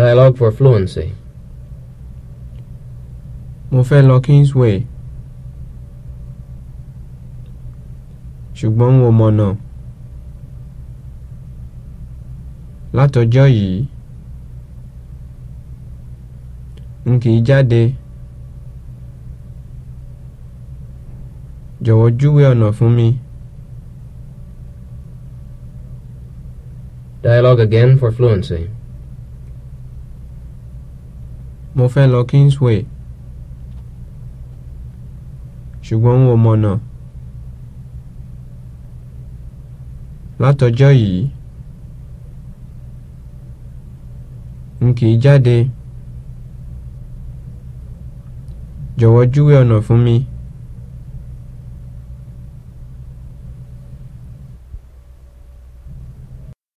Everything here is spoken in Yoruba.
Dialogue for fluency. Mo fẹ́ lọ Kingsway. Ṣùgbọ́n wo ò mọ̀nà. Látọjọ́ yìí, n kì í jáde. Jọ̀wọ́ júwe ọ̀nà fún mi. Dialogue again for fluency mo fẹ́ lọ Kingsway ṣùgbọ́n n ò mọ̀nà látọjọ́ yìí n kì í jáde jọ̀wọ́ júwe ọ̀nà fún mi.